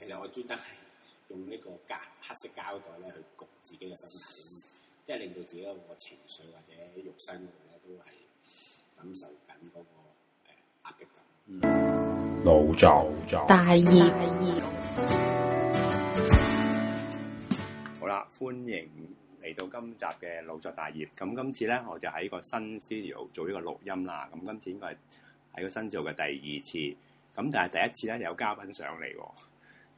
其實我專登係用呢個膠黑色膠袋咧，去焗自己嘅身體，即係令到自己個情緒或者肉身咧都係感受緊嗰個誒壓力感。嗯、老作大熱，好啦，歡迎嚟到今集嘅老作大熱。咁今次咧，我就喺個新 s t 做一個錄音啦。咁今次應該係喺個新做嘅第二次，咁但係第一次咧有嘉賓上嚟喎。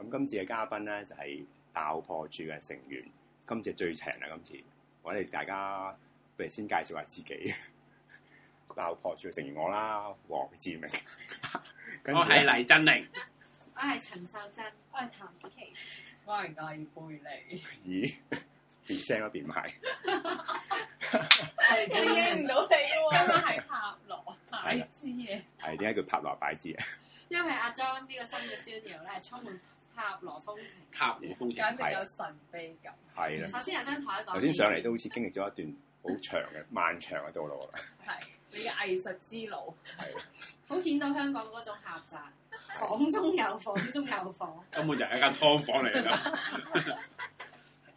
咁今次嘅嘉賓咧就係、是、爆破處嘅成員，今次最長啦！今次我哋大家不如先介紹下自己。爆破處成員我啦，黃志明。我係黎振明，我係陳秀珍，我係譚子琪，我係戴貝利。咦？變聲都變埋，你認唔到你喎？今日係拍羅擺志，嘅，係點解叫拍羅擺志？啊？因為阿莊呢個新嘅 studio 咧係充滿。 塔羅風情，塔羅風情，簡直有神秘感。係啦。頭先有張台講，頭先上嚟都好似經歷咗一段好長嘅漫長嘅道路啦。係你嘅藝術之路，係好顯到香港嗰種狹窄，房中有房中有房，根本就係一間劏房嚟㗎。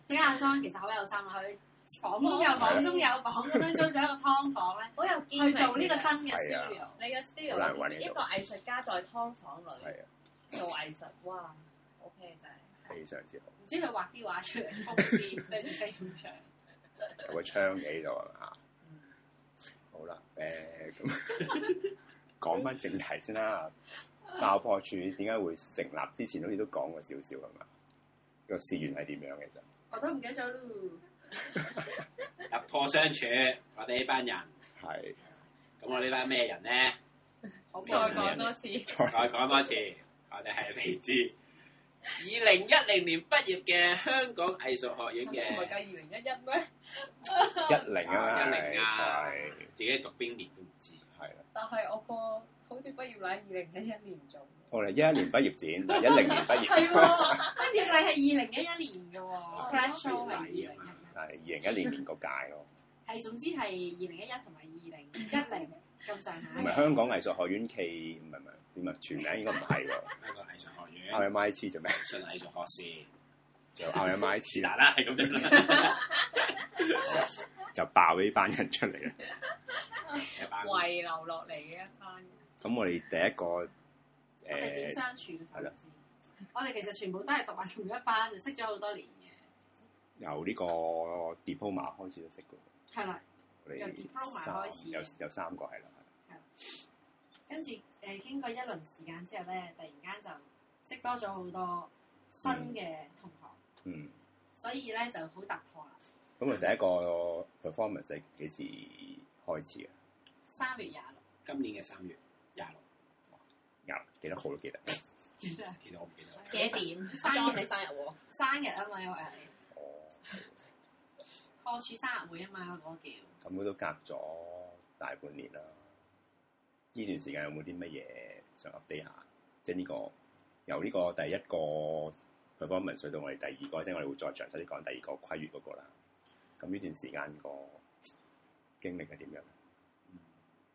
呢間阿莊其實好有心啊，佢房中有房中有房咁樣租咗一個劏房咧，我又去做呢個新嘅 studio。你嘅 studio，一個藝術家在劏房裏係做藝術，哇！O K，真係非常之好。唔知佢畫啲畫出嚟，瘋癲定住飛唔長。佢唱起咗啊！嗯、好啦，咁講翻正題先啦。爆破處點解會成立？之前好似都講過少少，係嘛？這個事源係點樣嘅啫？啊、我都唔記得咗咯。突破相處，我哋、啊、呢班 人係。咁我呢班咩人咧？再講多次，再講多次，我哋係未知。二零一零年畢業嘅香港藝術學院嘅，唔係計二零一一咩？一零啊，一零啊，自己讀邊年都唔知係啦。但係我個好似畢業禮喺二零一一年做，我係一一年畢業展，一零年畢業，係畢業禮係二零一一年嘅喎，graduation 二零一一年，係二零一一年嗰屆咯。係，總之係二零一一同埋二零一零。唔係香港藝術學院企，唔係唔係，唔係全名應該唔係喎。香港藝術學院。RMIT 做咩？純藝術學士。就 RMIT M 啦啦，係咁 就爆呢班人出嚟啦。遺留落嚟嘅一班。咁我哋第一個，誒，我哋相處嘅首先？我哋其實全部都係讀埋同一班，就識咗好多年嘅。由呢個 diploma 開始就識嘅。係咪？ 由 p r o 開始，有有三個係啦，跟住誒、呃，經過一輪時間之後咧，突然間就識多咗好多新嘅同學。嗯。所以咧就好突破啦。咁啊、嗯，第一個 performance 係幾時開始啊？三月廿六。今年嘅三月廿六。廿六幾多號都記得。記得， 記得我唔記得。幾點？ 三月係生日喎。生日啊嘛，因為係。破、oh. 處生日會啊嘛，嗰個叫。咁都都隔咗大半年啦。呢段時間有冇啲乜嘢想 update 下？即係、這、呢個由呢個第一個 performance 到我哋第二個，即係我哋會再詳細啲講第二個，窺月嗰個啦。咁呢段時時間個經歷係點樣？嗯，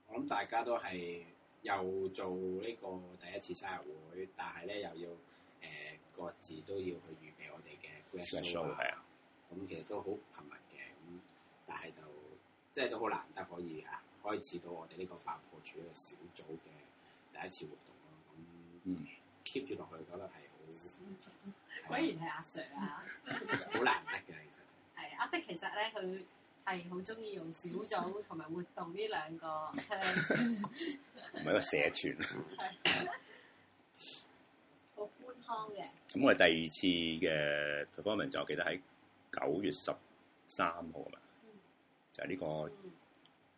我諗大家都係又做呢個第一次生日會，但係咧又要誒、呃、各自都要去預備我哋嘅 dress code 係啊。咁其實都好頻密嘅咁，但係就～即係都好難得可以啊，開始到我哋呢個爆破處嘅小組嘅第一次活動咯。咁 keep 住落去，覺得係好。中啊、果然係阿 Sir 啊！好 難得嘅其實。係阿 Sir 其實咧，佢係好中意用小組同埋活動呢兩個。唔 係 一個社團 好官腔嘅。咁我哋第二次嘅 performance 就記得喺九月十三號啊。就呢個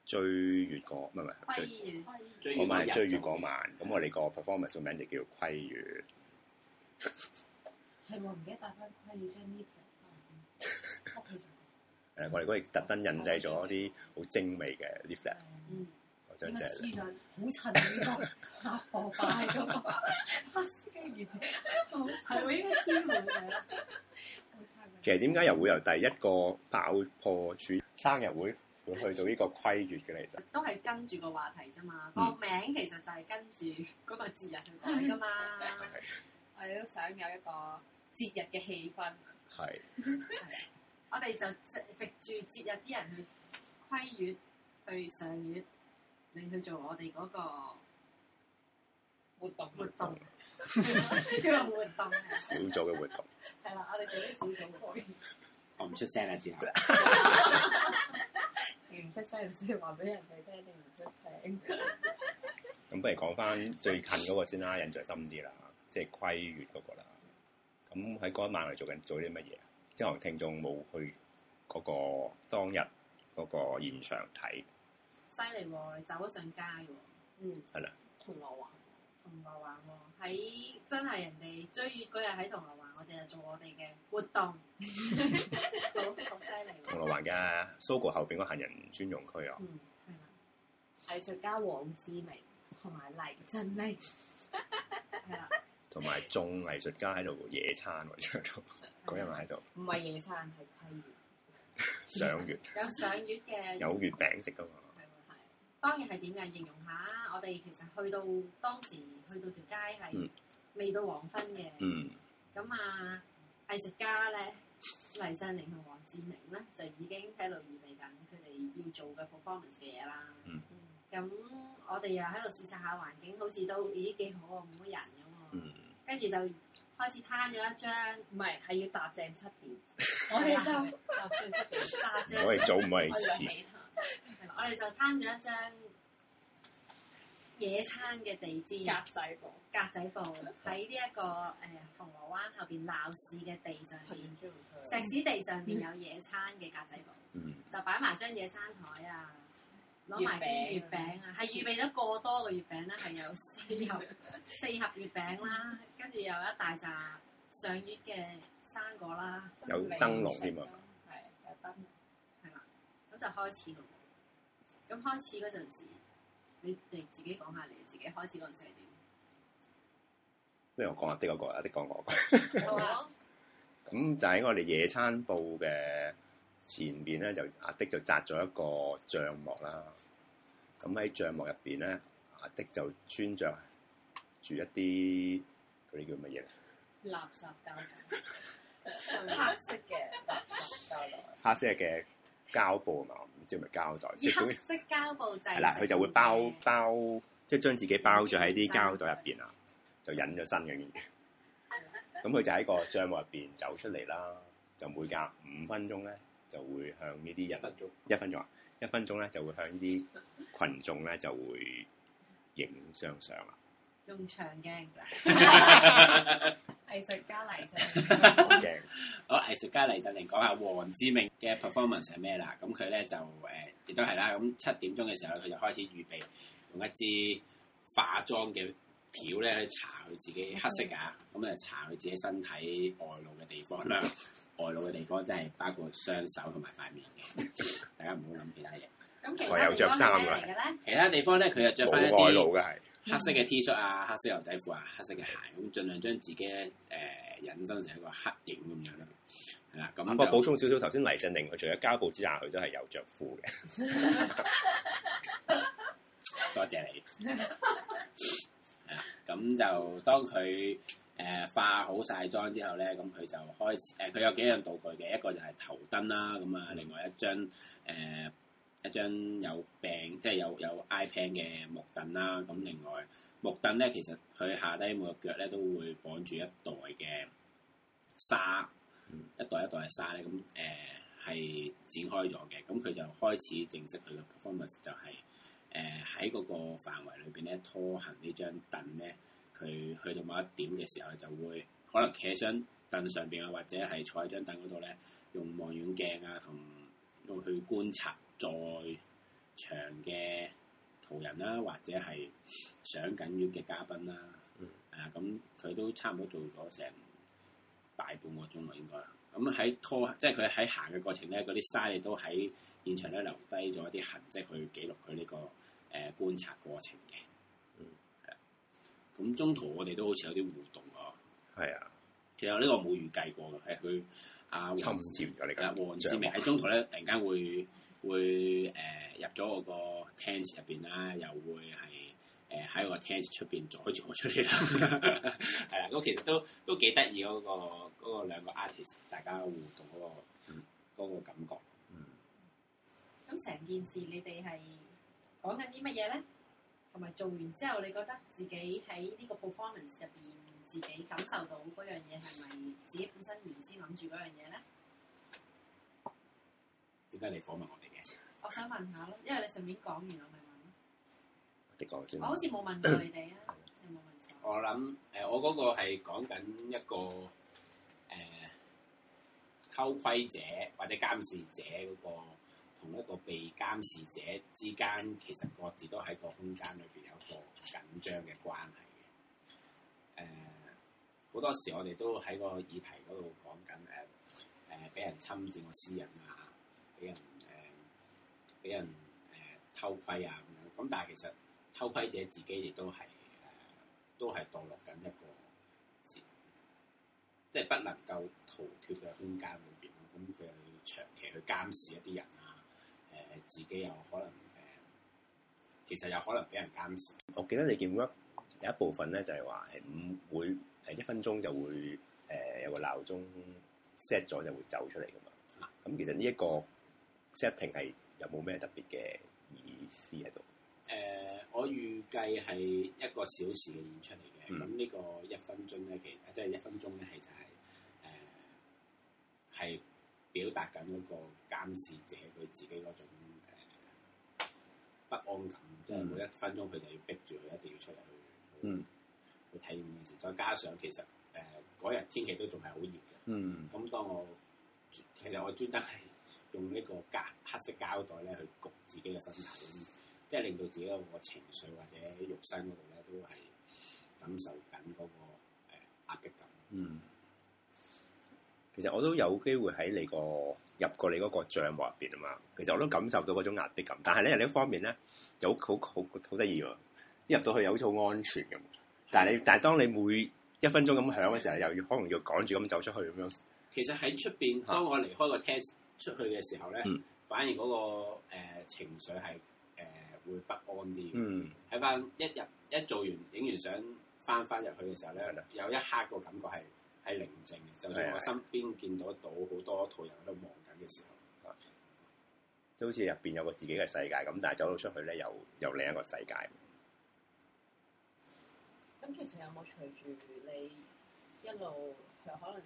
追月個唔係唔係追月，我買追月嗰晚，咁我哋個 performance 個名就叫窺月。係唔記得帶翻窺月我哋嗰日特登印製咗啲好精美嘅 leaflet 嗯。張借。好襯呢個爆破嘅個黑係其實點解又會由第一個爆破處？生日會會去到呢個窺月嘅其實，都係跟住個話題啫嘛。個、嗯、名其實就係跟住嗰個節日去改噶嘛。是的 我哋都想有一個節日嘅氣氛。係的 我哋就藉住節日啲人去窺月，去上月，你去做我哋嗰個活動活動， 做活動。 小組嘅活動。係啦， 我哋做啲小組 我唔出聲啦，之後。唔 出聲，唔知話俾人哋聽定唔出聲。咁 不如講翻最近嗰個先啦，印象深啲啦，即係窺月嗰個啦。咁喺嗰一晚嚟做緊做啲乜嘢？即係我聽眾冇去嗰個當日嗰個現場睇。犀利喎！你走咗上街喎？嗯，係啦的，同我話。銅鑼灣喎，喺、啊、真係人哋追月嗰日喺銅鑼灣，我哋就做我哋嘅活動。好， 好犀利。銅鑼灣噶，蘇、so、果後邊嗰行人專用區啊。嗯，係藝術家黃志明同埋黎振明。係啦 了。同埋眾藝術家喺度野餐喎，嗰日喺度。唔係野餐，係窺 月。 賞月,月。有賞月嘅。有月餅食噶當然係點嘅形容下，我哋其實去到當時去到條街係未到黃昏嘅。咁、mm. 啊藝術家咧黎振寧同黃志明咧就已經喺度預備緊佢哋要做嘅 performance 嘅嘢啦。咁、mm. 我哋又喺度試察下環境，好似都咦幾好喎，冇乜人咁喎。跟住、mm. 就開始攤咗一張，唔係係要搭正出邊，我哋 就我係早唔係遲。係啦，我哋就攤咗一張野餐嘅地氈，格仔布，格仔布喺呢一個誒銅鑼灣後邊鬧市嘅地上面，石屎地上面有野餐嘅格仔布，嗯，就擺埋張野餐枱啊，攞埋啲月餅啊，係預備咗過多嘅月餅啦，係有四盒，四盒月餅啦，跟住有一大紮上月嘅生果啦，有燈籠添啊，係有燈。就開始咯，咁開始嗰陣時，你哋自己講下你自己開始嗰陣時係點？不如我講下阿啲我講，阿啲講我講。 好，咁吧就喺我哋野餐布嘅前面咧，阿就阿啲就紮咗一個帳幕啦。咁喺帳幕入邊咧，阿啲就穿着住一啲嗰啲叫乜嘢？垃圾膠袋，黑 色嘅，黑 色嘅。膠布啊嘛，唔知係咪膠袋，即係總之，係啦，佢就會包包，包即係將自己包咗喺啲膠袋入邊啊， 就隱咗身嘅嘢。咁佢 就喺個帳幕入邊走出嚟啦，就每隔五分鐘咧就會向呢啲人一一，一分鐘啊，一分鐘咧就會向啲群眾咧就會影相相啊，用長鏡。 藝術家黎振，這個、 好藝術家黎振寧講下黃之明嘅 performance 係咩、呃、啦？咁佢咧就誒，亦都係啦。咁七點鐘嘅時候，佢就開始預備用一支化妝嘅條咧去搽佢自己黑色嘅，咁嚟搽佢自己身體外露嘅地方啦。 外露嘅地方真係包括雙手同埋塊面嘅， 大家唔好諗其他嘢。我有着衫㗎，其他地方咧佢又着翻啲外露嘅係。黑色嘅 T 恤啊，黑色牛仔褲啊，黑色嘅鞋，咁盡量將自己咧誒引申成一個黑影咁樣啦，係啦。咁我補充少少，頭先黎振寧佢除咗膠布之下，佢都係有着褲嘅。多謝你。啊，咁就當佢誒、呃、化好晒妝之後咧，咁佢就開始誒，佢、呃、有幾樣道具嘅，嗯、一個就係頭燈啦，咁啊，另外一張誒。呃一張有病，即係有有 iPad 嘅木凳啦。咁另外木凳咧，其實佢下低每個腳咧都會綁住一袋嘅沙，嗯、一袋一袋嘅沙咧。咁誒係展開咗嘅。咁佢就開始正式佢嘅 performance 就係誒喺嗰個範圍裏邊咧拖行張呢張凳咧。佢去到某一點嘅時候，就會、嗯、可能企喺張凳上邊啊，或者係坐喺張凳嗰度咧，用望遠鏡啊，同用去觀察。在場嘅途人啦，或者係上緊月嘅嘉賓啦，嗯、啊咁佢都差唔多做咗成大半個鐘啦，應該。咁、嗯、喺拖，即係佢喺行嘅過程咧，嗰啲沙亦都喺現場咧留低咗一啲痕跡去記錄佢呢、這個誒、呃、觀察過程嘅。嗯，係咁、啊、中途我哋都好似有啲互動喎。係啊，其實呢個我冇預計過嘅，係佢阿黃志明喺中途咧突然間會。會誒、呃、入咗我個 tent 入邊啦，又會係誒喺我個 tent 出邊阻住我出嚟啦。係 啦，咁其實都都幾得意嗰個嗰、嗰個兩個 artist 大家互動嗰、嗰個嗰、嗯、個感覺。咁成、嗯、件事你哋係講緊啲乜嘢咧？同埋做完之後，你覺得自己喺呢個 performance 入邊，自己感受到嗰樣嘢係咪自己本身原先諗住嗰樣嘢咧？點解你訪問我哋？我想問下咯，因為你順便講完，我咪問咯。的確先，我好似冇問過你哋啊， 有冇問我諗誒、呃，我嗰個係講緊一個誒、呃、偷窺者或者監視者嗰、嗰個同一個被監視者之間，其實各自都喺個空間裏邊有一個緊張嘅關係嘅。誒、呃、好多時我哋都喺個議題嗰度講緊誒誒，俾、呃呃、人侵佔我私隱啊，俾人誒。呃俾人誒、呃、偷窺啊，咁樣咁，但係其實偷窺者自己亦都係誒，都係墮落緊一個即係不能夠逃脫嘅空間裏邊咯。咁佢又要長期去監視一啲人啊，誒、呃、自己又可能誒、呃，其實又可能俾人監視。我記得你見過有一部分咧，就係話係唔會誒一分鐘就會誒、呃、有個鬧鐘 set 咗就會走出嚟噶嘛。咁、啊、其實呢一個 setting 係。有冇咩特別嘅意思喺度？誒、呃，我預計係一個小時嘅演出嚟嘅。咁呢、嗯、個一分鐘咧，其實即係、就是、一分鐘咧，其實就係誒係表達緊嗰個監視者佢自己嗰種、呃、不安感，即係、嗯、每一分鐘佢就要逼住佢一定要出嚟去。嗯，去體驗件事。再加上其實誒嗰日天氣都仲係好熱嘅。嗯，咁當我其實我專登係。用呢個膠黑色膠袋咧，去焗自己嘅身體，即係令到自己嗰個情緒或者肉身嗰度咧，都係感受緊嗰、那個誒、呃、壓迫感。嗯，其實我都有機會喺你個入過你嗰個帳篷入邊啊嘛。其實我都感受到嗰種壓迫感，但係咧，另一方面咧，有好好好得意喎。一入到去又好似好安全咁、啊，但係你的但係當你每一分鐘咁響嘅時候，又要可能要趕住咁走出去咁樣。其實喺出邊，啊、當我離開個廳。出去嘅時候咧，嗯、反而嗰、嗰個、呃、情緒係誒、呃、會不安啲。嗯，睇翻一日一做完影完相，翻翻入去嘅時候咧，的有一刻個感覺係係寧靜嘅，的就算我身邊見到到好多途人喺度望緊嘅時候，即好似入邊有個自己嘅世界咁，但係走到出去咧，又又另一個世界。咁其實有冇隨住你一路，就可能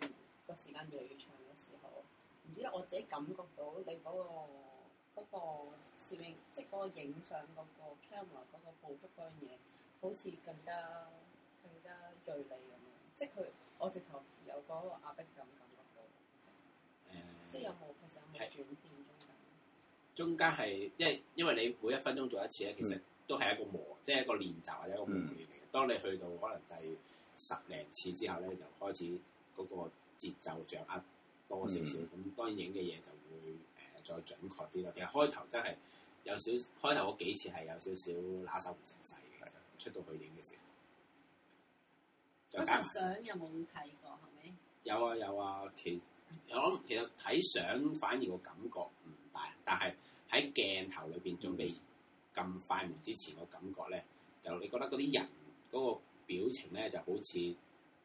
個時間越嚟越長嘅時候？唔知得我自己感覺到你嗰個嗰個攝影，即係嗰個影相嗰個 camera 嗰個捕捉嗰樣嘢，好似更加更加鋭利咁樣。即係佢，我直頭有嗰個壓迫感感覺到。誒，嗯、即係有冇其實有冇轉變？中間係，因為因為你每一分鐘做一次咧，其實都係一個磨，即係一個練習或者一個訓練嚟嘅、嗯、當你去到可能第十零次之後咧，就開始嗰個節奏掌握多少少咁，嗯、當然影嘅嘢就會誒、呃、再準確啲喇。其實開頭真係有少，開頭嗰幾次係有少少拿手唔成勢嘅，的出到去影嘅時候。有啲相有冇睇過？係咪？有啊有啊，其我、啊、其實睇相反而個感覺唔大，但係喺鏡頭裏邊仲未咁快門之前，個、嗯、感覺咧就你覺得嗰啲人嗰個表情咧就好似～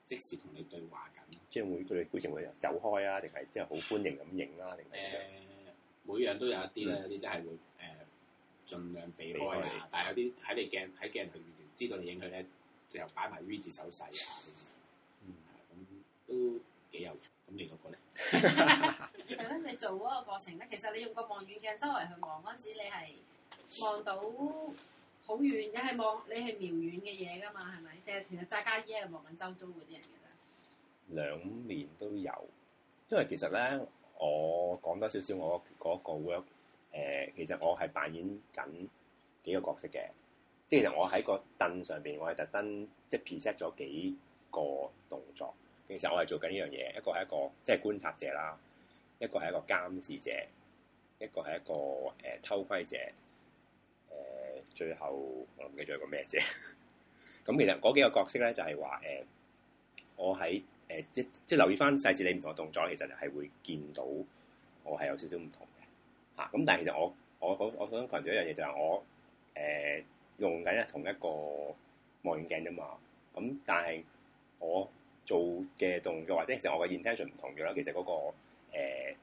即時同你對話緊，即係會佢哋過程會走開啊，定係即係好歡迎咁影啦，定係？每樣都有一啲咧，嗯、有啲真係會誒，儘、呃、量避開啊。開但係有啲喺你鏡喺鏡佢面前知道你影佢咧，就擺埋 V 字手勢啊咁樣。嗯，嗯，咁、嗯、都幾有趣。咁你嗰個咧？係咯，你做嗰個過程咧，其實你用個望遠鏡周圍去望嗰陣時，你係望到。好遠，你係望你係瞄遠嘅嘢噶嘛？係咪？成日同阿扎家爾係望緊周遭嗰啲人嘅咋？兩面都有，因為其實咧，我講多少少我嗰個 work，誒、呃，其實我係扮演緊幾個角色嘅。即係其實我喺個凳上邊，我係特登即係 preset 咗幾個動作。其實我係做緊呢樣嘢，一個係一個即係、就是、觀察者啦，一個係一個監視者，一個係一個誒、呃、偷窺者。最後我唔記得咗個咩啫。咁 其實嗰幾個角色咧就係話誒，我喺誒、呃、即即留意翻細節，你唔同嘅動作，其實係會見到我係有少少唔同嘅嚇。咁、啊、但係其實我我我,我想強調一樣嘢就係我誒、呃、用緊係同一個望遠鏡啫嘛。咁但係我做嘅動作，或者其實我嘅 intention 唔同咗啦。其實嗰、嗰個誒、呃、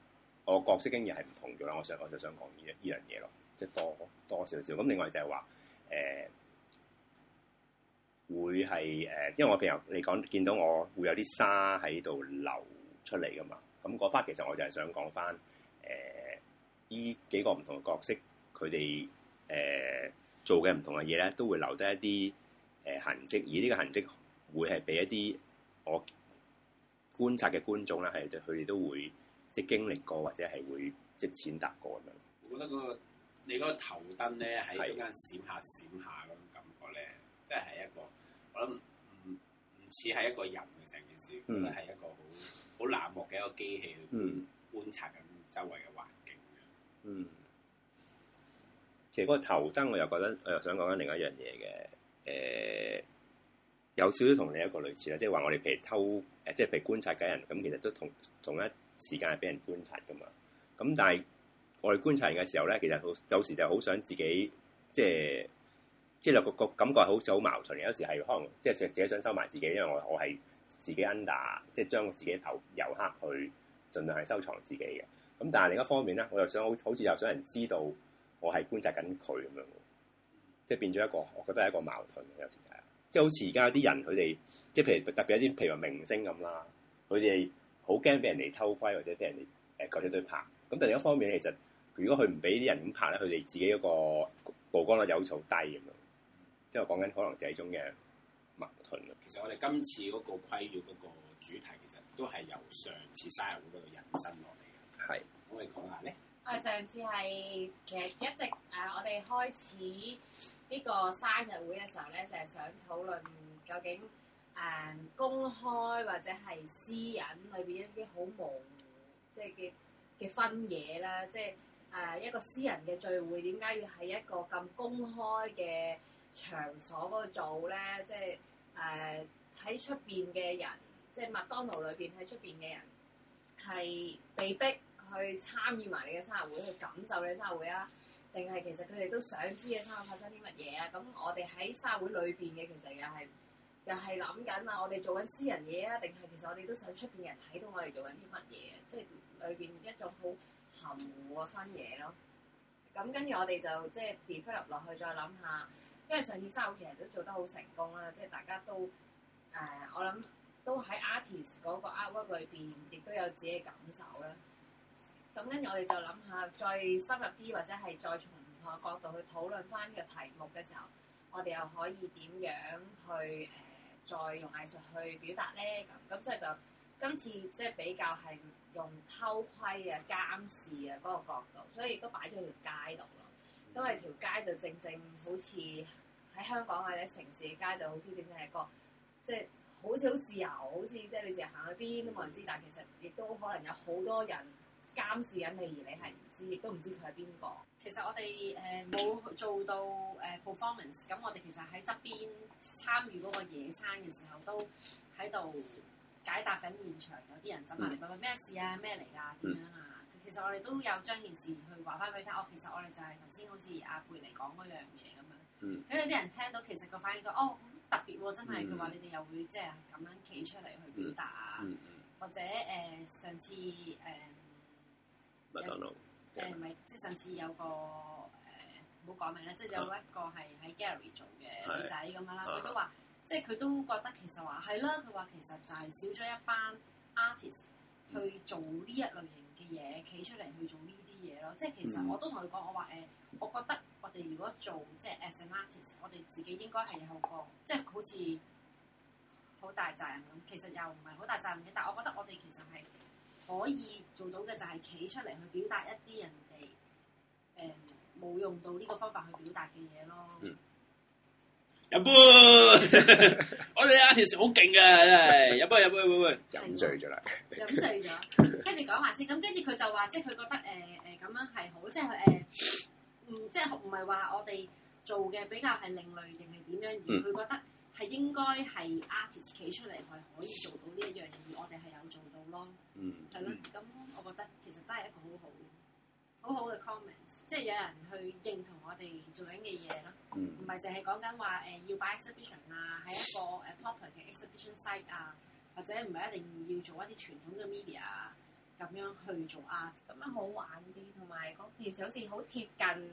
我角色經驗係唔同咗啦。我想我就想講呢呢樣嘢咯。即多多少少，咁另外就係話，誒、呃，會係誒、呃，因為我譬如你講見到我會有啲沙喺度流出嚟噶嘛，咁、嗯、part、那個、其實我就係想講翻誒呢幾個唔同嘅角色，佢哋誒做嘅唔同嘅嘢咧，都會留低一啲誒、呃、痕跡，而呢個痕跡會係俾一啲我觀察嘅觀眾咧，係對佢哋都會即係經歷過或者係會即係踐踏過咁樣，我覺得個。你嗰個頭燈咧喺中間閃下閃下嗰種感覺咧，即係係一個，我諗唔唔似係一個人嘅成件事，覺得係一個好好冷漠嘅一個機器去觀察緊周圍嘅環境。嗯。嗯，其實嗰個頭燈我又覺得，我又想講緊另一樣嘢嘅，誒、呃，有少少同你一個類似啦，即係話我哋譬如偷，誒，即係被觀察緊人咁，其實都同同一時間係俾人觀察噶嘛，咁但係。我哋觀察人嘅時候咧，其實好有時就好想自己，即係即係個感覺好似好矛盾。有時係可能即係自己想收埋自己，因為我我係自己 under，即係將我自己頭遊客去盡量係收藏自己嘅。咁但係另一方面咧，我又想好似又想人知道我係觀察緊佢咁樣，即係變咗一個，我覺得係一個矛盾。有時就係即係好似而家有啲人佢哋，即係譬如特別一啲，譬如話明星咁啦，佢哋好驚俾人哋偷窺或者俾人哋誒搞一對拍。咁但係另一方面，其實。如果佢唔俾啲人咁拍咧，佢哋自己嗰個曝光率有好低咁樣，即係講緊可能這中嘅矛盾咯。其實我哋今次嗰個規劃嗰個主題，其實都係由上次生日會嗰個人生落嚟嘅。係是，我哋講下咧。我哋上次係其實一直誒、啊，我哋開始呢個生日會嘅時候咧，就係、是、想討論究竟誒、嗯、公開或者係私隱裏邊一啲好模糊，即係嘅嘅分野啦，即係。就是誒、呃、一個私人嘅聚會，點解要喺一個咁公開嘅場所嗰度做咧？即係誒喺出邊嘅人，即係麥當勞裏邊喺出邊嘅人，係被逼去參與埋你嘅生日會，去感受你嘅生日會啊？定係其實佢哋都想知嘅生日發生啲乜嘢啊？咁我哋喺生日會裏邊嘅其實又係又係諗緊啊，我哋做緊私人嘢啊，定係其實我哋都想出邊嘅人睇到我哋做緊啲乜嘢？即係裏邊一種好含糊啊分嘢咯，咁跟住我哋就即係 develop 落去再諗下，因為上次三號其實都做得好成功啦，即係大家都誒、呃、我諗都喺 artist 嗰個 artwork 裏邊亦都有自己嘅感受啦。咁跟住我哋就諗下，再深入啲或者係再從唔同嘅角度去討論翻呢個題目嘅時候，我哋又可以點樣去誒、呃、再用藝術去表達咧？咁咁即係就。今次即係比較係用偷窺啊、監視啊嗰、嗰個角度，所以亦都擺咗喺條街度咯。因為條街就正正好似喺香港或者城市嘅街，就好似正正係一個即係、即係、好似好自由，好似即係你成日行去邊都冇人知，但係其實亦都可能有好多人監視緊你，而你係唔知，亦都唔知佢係邊個。其實我哋誒冇做到誒、呃、performance，咁我哋其實喺側邊參與嗰個野餐嘅時候，都喺度。解答緊現場有啲人走埋嚟？問咩事啊？咩嚟㗎？點樣啊？其實我哋都有將件事去話翻俾你聽。哦，其實我哋就係頭先好似阿貝妮講嗰樣嘢咁樣。嗯。咁有啲人聽到，其實個反應就哦特別喎、啊，真係佢話你哋又會即係咁樣企出嚟去表達啊。嗯、或者誒、呃，上次誒，唔係即上次有個誒，唔好講明啦，即有一個係喺 Gallery 做嘅女仔咁樣啦，佢都話。Huh. 即係佢都覺得其實話係啦，佢話其實就係少咗一班 artist 去做呢一類型嘅嘢，企出嚟去做呢啲嘢咯。即係其實我都同佢講，我話誒、呃，我覺得我哋如果做即係 as an artist，我哋自己應該係有個即係好似好大責任咁。其實又唔係好大責任嘅，但係我覺得我哋其實係可以做到嘅，就係企出嚟去表達一啲人哋誒冇用到呢個方法去表達嘅嘢咯。Mm. 一乾杯， 我哋 artist 好勁㗎真係，有杯有杯一杯，飲醉咗啦，飲 醉咗。跟住講埋先，咁跟住佢就話，即係佢覺得誒誒咁樣係好，即係誒，嗯、呃，即係唔係話我哋做嘅比較係另類定係點樣，而佢覺得係應該係 artist 企出嚟，係可以做到呢一樣嘢，而我哋係有做到咯。嗯，係咯啦，咁、嗯、我覺得其實都係一個好好，好好嘅 comment。即係有人去認同我哋做緊嘅嘢咯，唔係淨係講緊話誒要擺 exhibition 啊，喺一個誒 proper 嘅 exhibition site 啊，或者唔係一定要做一啲傳統嘅 media 咁樣去做啊，咁樣好玩啲，同埋嗰件事好似好貼近誒。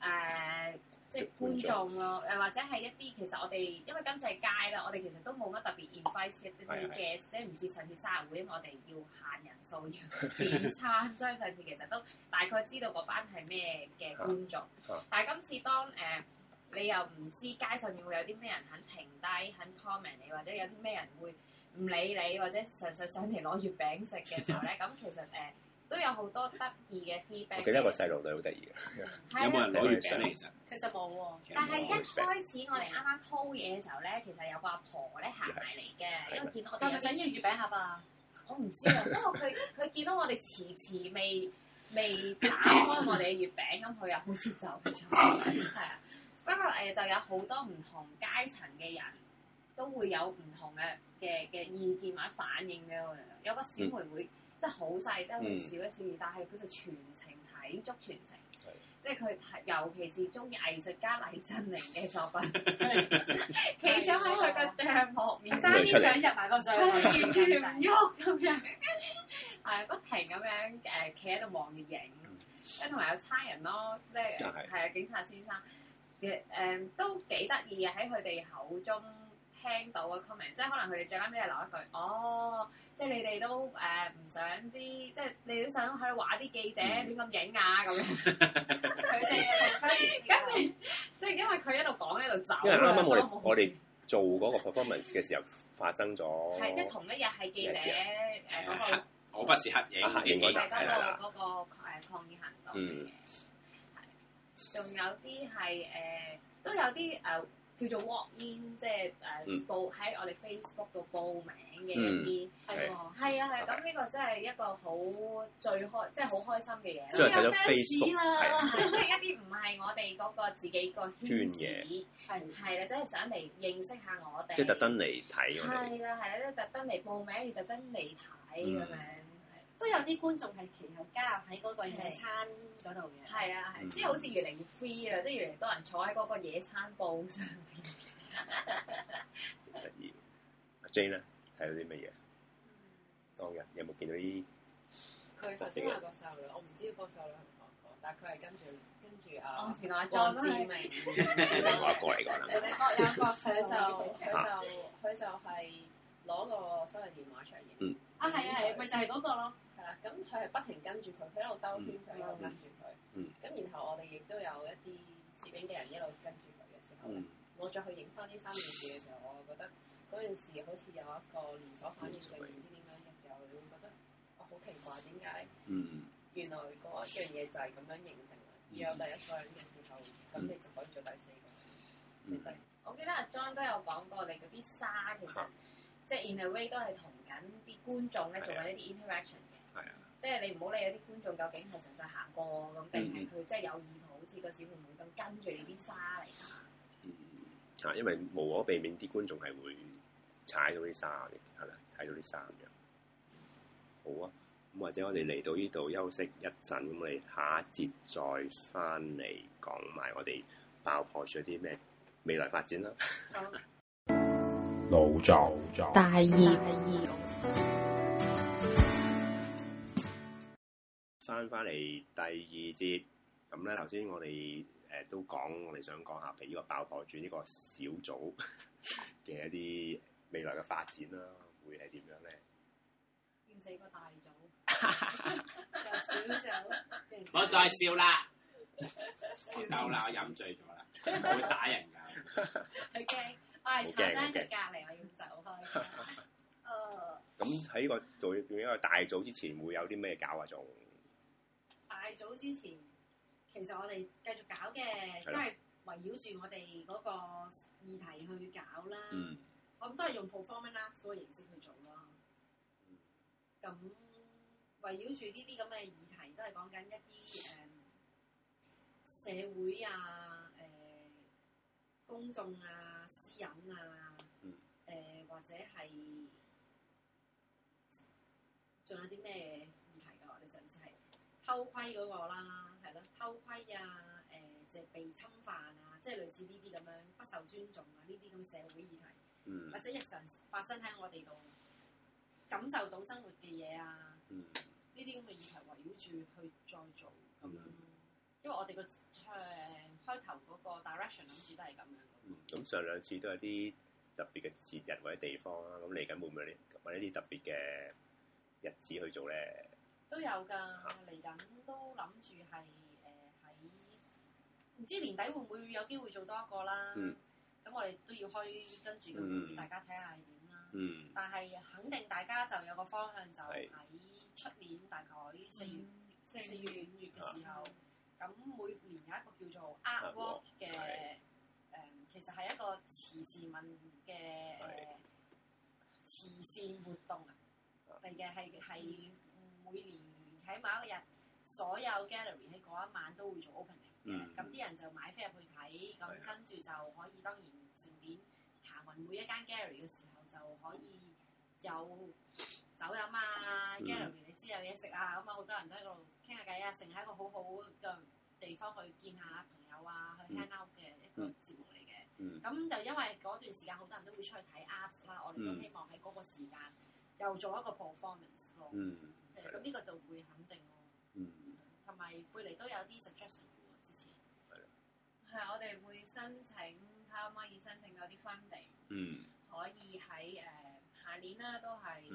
呃即係觀眾咯，誒或者係一啲其實我哋因為今次係街啦，我哋其實都冇乜特別 invite 一啲 guest，即係唔似上次生日會，因為我哋要限人數要點餐， 所以上次其實都大概知道嗰班係咩嘅觀眾。 但係今次當誒、呃、你又唔知街上面會有啲咩人肯停低肯 comment 你，或者有啲咩人會唔理你，或者純粹上嚟攞月餅食嘅時候咧，咁 其實誒。呃都有好多得意嘅 feedback。我記得一個細路女好得意嘅，有冇人攞月餅嚟食？其實冇喎。但係一開始我哋啱啱鋪嘢嘅時候咧，其實有個阿婆咧行埋嚟嘅，因為見到我哋，但係咪想要月餅盒啊？我唔知啊，不過佢佢見到我哋遲遲未未打開我哋嘅月餅，咁佢又好似走咗，係啊。不過誒就有好多唔同階層嘅人都會有唔同嘅嘅嘅意見或者反應嘅。有個小妹妹。嗯、即好細，都好少一少，但係佢就全程睇足全程，即係佢尤其是中意藝術家黎振明嘅作品 墟墟，企咗喺佢個帳面揸啲相入埋個帳，完全唔喐咁樣，係、 啊、不停咁樣誒，企喺度望住影，跟住同埋有差人咯，即係係啊警察先生，誒、嗯、誒都幾得意嘅喺佢哋口中。聽到嘅 comment，即係可能佢哋最啱咩留一句，哦，即係你哋都誒唔想啲，即係你都想去話啲記者點咁影啊咁樣。佢哋，咁咪即係因為佢一路講一路走。因為啱啱我哋我哋做嗰個 performance 嘅時候發生咗。係即係同一日係記者誒個，我不是黑影，即係大家做嗰個誒抗議行動。嗯，仲有啲係誒，都有啲誒。叫做 walk in，即係誒報喺我哋 Facebook 度報名嘅一啲，係啊係啊，咁呢個真係一個好最開，即係好開心嘅嘢。即係 Facebook，即係一啲唔係我哋嗰個自己個圈子，係係啦，即係想嚟認識下我哋，即係特登嚟睇我哋，係啦係啦，即係特登嚟報名，要特登嚟睇咁樣。都有啲觀眾係其後加入喺嗰個野餐嗰度嘅，係啊係，即係好似越嚟越 free 啊！即係越嚟越多人坐喺嗰個野餐布上面，得意。阿 Jane 咧睇到啲乜嘢？當日有冇見到啲？佢頭先有個細路，我唔知個細路係唔係我，但係佢係跟住跟住啊！原來阿莊志明，另外一個嚟講啦。你你各有各享受，佢就佢就係攞個手提電話出嚟。嗯。啊係啊係，咪就係嗰個咯。咁佢係不停跟住佢，佢一路兜圈，佢一路跟住佢。咁然後我哋亦都有一啲攝影嘅人一路跟住佢嘅時候，嗯、我再去影翻呢三件事嘅時候，我就覺得嗰件事好似有一個連鎖反應定唔知點樣嘅時候，你會覺得我好、哦、奇怪點解？嗯、原來嗰一樣嘢就係咁樣形成。要有第一個人嘅時候，咁你就可以做第四個。我記得阿 John 都有講過，你嗰啲沙其實哈即係 in a way 都係同緊啲觀眾咧做緊一啲 interaction、嗯。即係你唔好理有啲觀眾究竟係純粹行過咁，定係佢真係有意圖，好似個小妹妹咁跟住你啲沙嚟㗎。啊、嗯，因為無可避免啲觀眾係會踩到啲沙，係啦，睇到啲沙咁樣。好啊，咁或者我哋嚟到呢度休息一陣，咁我哋下一節再翻嚟講埋我哋爆破咗啲咩未來發展啦。腦作、嗯、 大業業。大翻翻嚟第二節，咁咧頭先我哋誒都講，我哋想講下嘅呢個爆破處呢個小組嘅一啲未來嘅發展啦，會係點樣咧？變死個大組，小組。唔再笑啦！夠啦！我飲醉咗啦！會打人㗎。好驚！我係陳生嘅隔離，我要走開。咁喺個做變一個大組之前，會有啲咩搞啊？仲？太早之前，其實我哋繼續搞嘅，的都係圍繞住我哋嗰個議題去搞啦。嗯、我諗都係用 performance 啦，嗰個形式去做咯。咁圍繞住呢啲咁嘅議題，都係講緊一啲誒、呃、社會啊、誒、呃、公眾啊、私隱啊，誒、嗯呃、或者係仲有啲咩？偷窺嗰個啦，係咯，偷窺啊，誒、呃，即係被侵犯啊，即係類似呢啲咁樣不受尊重啊，呢啲咁嘅社會議題，或者日常發生喺我哋度感受到生活嘅嘢啊，呢啲咁嘅議題圍繞住去再做咁樣，嗯嗯、因為我哋、嗰個誒、啊、開頭嗰個 direction 諗住都係咁樣。嗯，咁、嗯、上兩次都有啲特別嘅節日或者地方啦，咁而緊會唔會或者啲特別嘅日子去做咧？都有噶，嚟緊都諗住係誒喺唔知年底會唔會有機會做多一個啦。咁、嗯、我哋都要去跟住咁，嗯、大家睇下係點啦。嗯、但係肯定大家就有個方向，就喺出年大概四月、四是月、五月嘅時候。咁、嗯、每年有一個叫做 Art Walk 嘅誒，其實係一個慈善問嘅誒慈善活動嚟嘅，係係。每年喺某一日，所有 gallery 喺嗰一晚都會做 opening，咁啲、嗯、人就買飛入去睇，咁跟住就可以當然順便行勻每一間 gallery 嘅時候就可以有酒飲啊、嗯、gallery 你知有嘢食啊，咁啊好多人都喺度傾下偈啊，成係一個好好嘅地方去見下朋友啊，嗯、去 hang out 嘅一個節目嚟嘅。咁、嗯嗯、就因為嗰段時間好多人都會出去睇 art 啦、嗯，我哋都希望喺嗰個時間。又做一個 performance 咯，誒咁呢個就會肯定咯，同埋背嚟都有啲 suggestion 喎。之前係我哋會申請，啱可以申請到啲 funding，可以喺誒下年啦，都係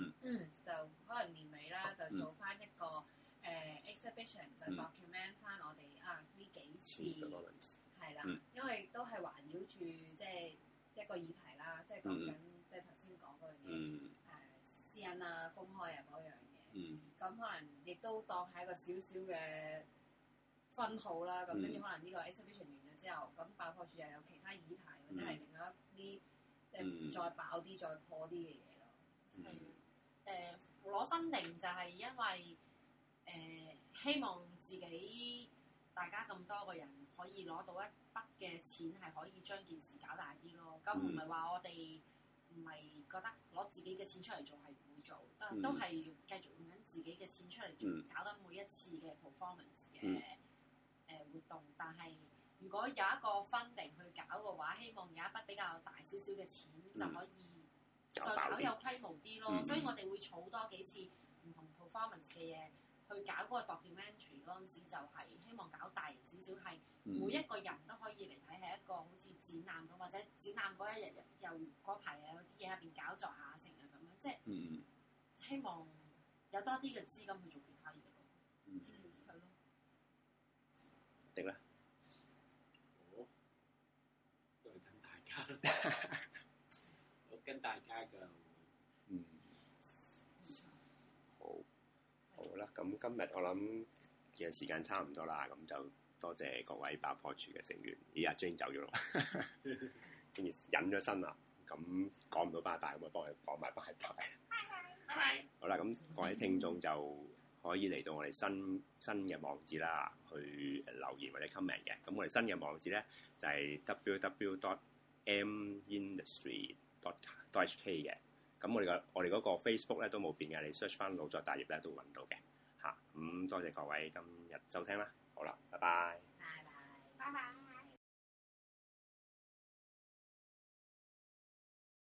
就可能年尾啦，就做翻一個誒 exhibition，就 document 翻我哋啊呢幾次，係啦，因為都係環繞住即係一個議題啦，即係講緊即係頭先講嗰樣嘢。因啊，公開啊嗰樣嘢，咁、嗯、可能亦都當係一個小小嘅分號啦。咁跟住可能呢個 exhibition 完咗之後，咁爆破處又有其他議題，嗯、或者係另外一啲誒、嗯、再爆啲、再破啲嘅嘢咯。係誒攞分零就係因為誒、呃、希望自己大家咁多個人可以攞到一筆嘅錢，係可以將件事搞大啲咯。咁唔係話我哋。嗯唔係覺得攞自己嘅錢出嚟做係唔會做，都、嗯、都係要繼續用緊自己嘅錢出嚟做，嗯、搞得每一次嘅 performance 嘅誒、嗯呃、活動。但係如果有一個 funding 去搞嘅話，希望有一筆比較大少少嘅錢就可以、嗯、再搞有規模啲咯。嗯、所以我哋會儲多幾次唔同 performance 嘅嘢。去搞嗰個 documentary 嗰陣時，就係希望搞大型少少，係每一個人都可以嚟睇，係一個好似展覽咁，或者展覽嗰一日又嗰排嘢嗰啲嘢入邊搞作下成啊咁樣，即係希望有多啲嘅資金去做其他嘢咯。嗯，定啦、嗯嗯。我跟大家嘅。咁今日我諗嘅時間差唔多啦，咁就多謝各位爆破處嘅成員。而家 Jane 走咗咯，跟住隱咗身啦。咁講唔到拜拜，咁咪幫佢講埋拜拜。拜拜。幫好啦，咁各位聽眾就可以嚟到我哋新新嘅網址啦，去留言或者 comment 嘅。咁我哋新嘅網址咧就係、是、www.mindustry.hk 嘅。咁我哋個我哋嗰個 Facebook 咧都冇變嘅，你 search 翻腦作大業咧都揾到嘅。吓，咁多謝各位今日收聽啦，好啦，拜拜。拜拜，拜拜。拜拜。